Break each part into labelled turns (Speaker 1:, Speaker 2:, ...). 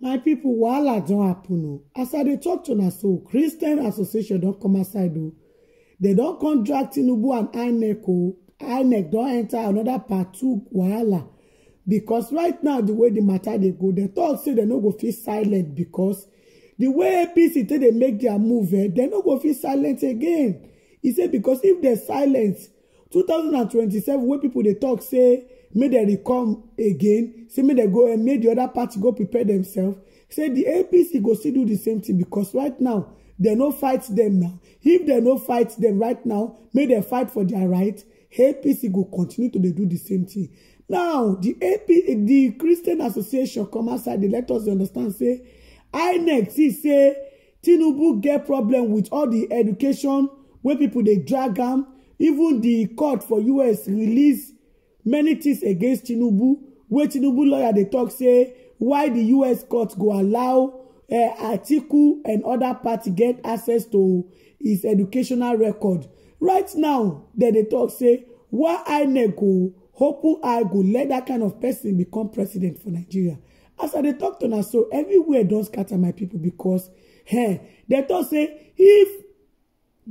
Speaker 1: my people, wahala don happen o as i they talk to na christian association don't come aside Do they don't contract tinubu and inec o inec don enta anoda part two wahala Because right now the way the matter they go they talk say they no go feel silent Because the way apc take dey make their move eh, they dem no go feel silent again He said because if they're silent 2027 wey people they talk say make they come again say make they go and make the other party go prepare themselves. say the apc go still do the same thing because right now they no fight them now if they no fight them right now make they fight for their right apc go continue to they do the same thing. now the the christian association come outside They let us understand say I next. He say tinubu get problem with all the education where people they drag am even the court for us release many things against tinubu wey tinubu lawyer dey talk say why di us court go allow eh, atiku and oda party get access to his educational record right now dem dey talk say why inec go open eye go let dat kind of person become president for nigeria as i dey tok to na so everywhere don scatter my people because eh, hey, dem talk say if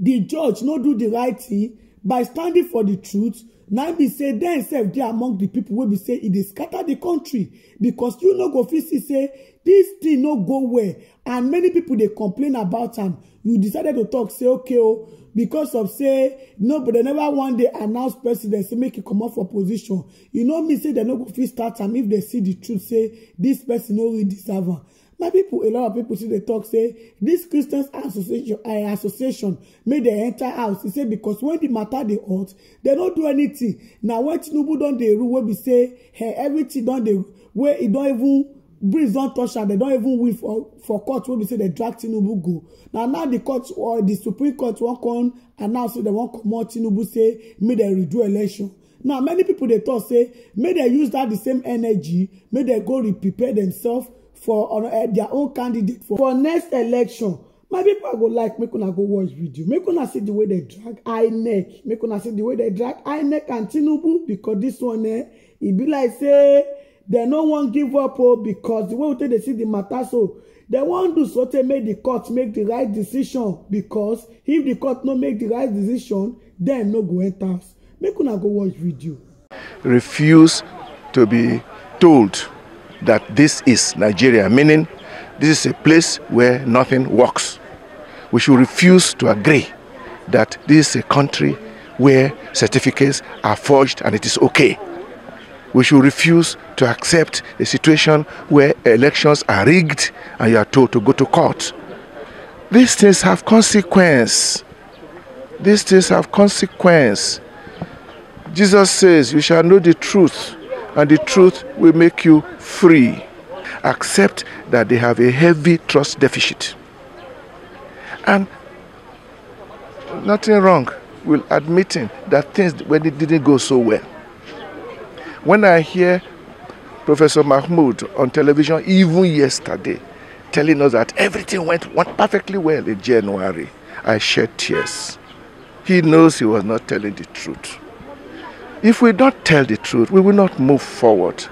Speaker 1: di judge no do di right thing by standing for di truth Now be say dem sef there among the people. wey be say it e is scatter the country because you know go fit see say This thing no go well and many people dey complain about am you decided to talk, say okay o oh, because of say no but dem never one day announce president say make e comot for position You no mean say dem no go fit start am if dem see the truth say this person no really deserve am my people, a lot of people still dey talk, say this Christians association eh, make dem enter house e say because when di matter dey hot dem no do anytin na wen tinubu don dey rule wey be say hey, eh, everything don dey wey e don even breeze don touch am They don even win for for court wey be say dem drag tinubu go na now the court or uh, the supreme court wan come announce say they wan comot tinubu say make they redo election now many people dey tok say make they use that the same energy make they go prepare themselves for uh, uh, their own candidate for next election my pipo go like make una go watch video make una see the way they drag inec make una see the way they drag inec and tinubu because this one eh e be like say They no wan give up o oh, because the way we take dey see the matter so they wan do so tey make the court make the right decision because if the court no make the right decision dem no go enter house make una go watch video.
Speaker 2: refuse to be told that this is nigeria meaning this is a place where nothing works we should refuse to agree that this is a country where certificates are forged and it is okay We should refuse to accept a situation where elections are rigged and you are told to go to court. These things have consequence. These things have consequence. Jesus says, You shall know the truth, and the truth will make you free. Accept that they have a heavy trust deficit. And nothing wrong with admitting that things when it didn't go so well. When I hear Professor Mahmoud on television, even yesterday, telling us that everything went perfectly well in January, I shed tears. He knows he was not telling the truth. If we don't tell the truth, we will not move forward.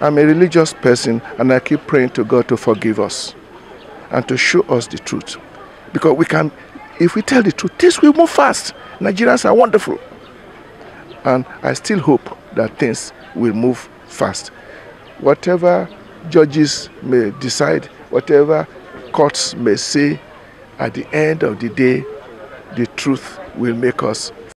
Speaker 2: I'm a religious person and I keep praying to God to forgive us and to show us the truth. Because we can, if we tell the truth, things will move fast. Nigerians are wonderful. And I still hope that things will move fast. Whatever judges may decide, whatever courts may say, at the end of the day, the truth will make us